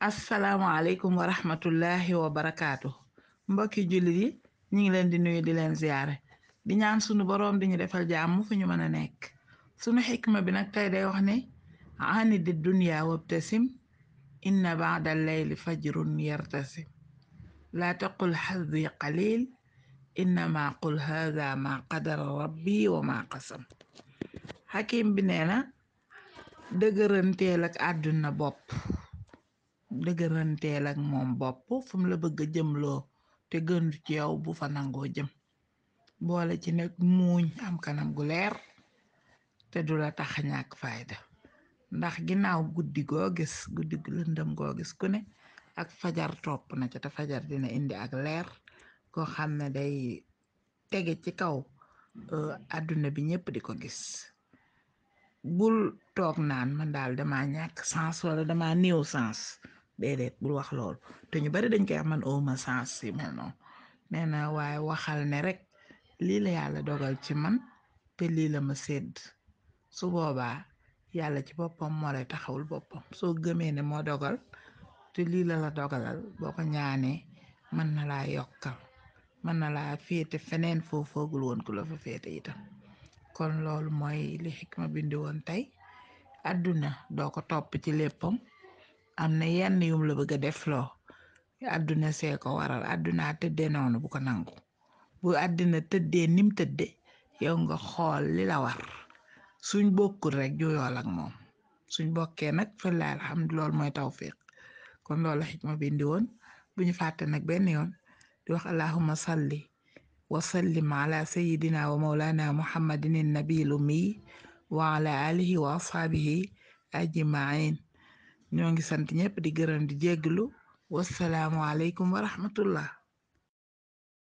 asalaamaaleykum wa rahmatullahi wa barakaatu mbokki jullit yi ñu ngi leen di nuyu di leen ziyaare di ñaan sunu boroom di ñu defal jàmm fu ñu mën a nekk sunu xikma bi nag tey day wax ne ani di dunya wabtasim inna baada leyli fajrun yartasim laa taqul xaddi qalil innama qul haada ma qadara rabbi wa ma qasam xakim bi nee na dëgëranteel bopp dëgëranteel ak moom bopp fum la bëgg a jëmloo te gënu ci yow bu fa nangoo jëm boole ci nag muuñ am kanam gu leer te du la tax ñàkk fayda ndax ginnaaw guddi goo gis guddi gu lëndëm goo gis ku ne ak fajar topp na ca fajar dina indi ak leer koo xam ne day tege ci kaw àdduna eh, bi ñëpp di ko gis bul toog naan man daal dama ñàkk sens wala dama néew sens déedéet bul wax lool te ñu bari dañ koy am man au oh, ma sens si mel noonu nee na waaye waxal ne rek lii la yàlla dogal ci man te lii la ma sédd su boobaa yàlla ci boppam moo lay taxawul boppam soo gëmee ne moo dogal te lii la la dogalal boo ko ñaanee mën na laa yokkal mën na laa féete feneen foo foogul woon ku la fa féete itam kon loolu mooy li xikma bindi woon tey àdduna doo ko topp ci léppam am na yenn yum la bëgg a def loo àdduna see ko waral àdduna tëddee noonu bu ko nangu bu àddina tëddee nim tëdde yow nga li la war suñ bokkul rek juyool ak moom suñ bokkee nag fëlaa alhamdu loolu mooy tawfiq kon loolu xikma bi indi woon bu ñu fàtte nag benn yoon di wax allahumma salli wa sallim ala sayidina wa maulana muhammadin nabil ummi wa ala wa ashabihi ajmain ñoo ngi sant ñëpp di gërëm di jégglu wasalaamualeykum wa rahmatullah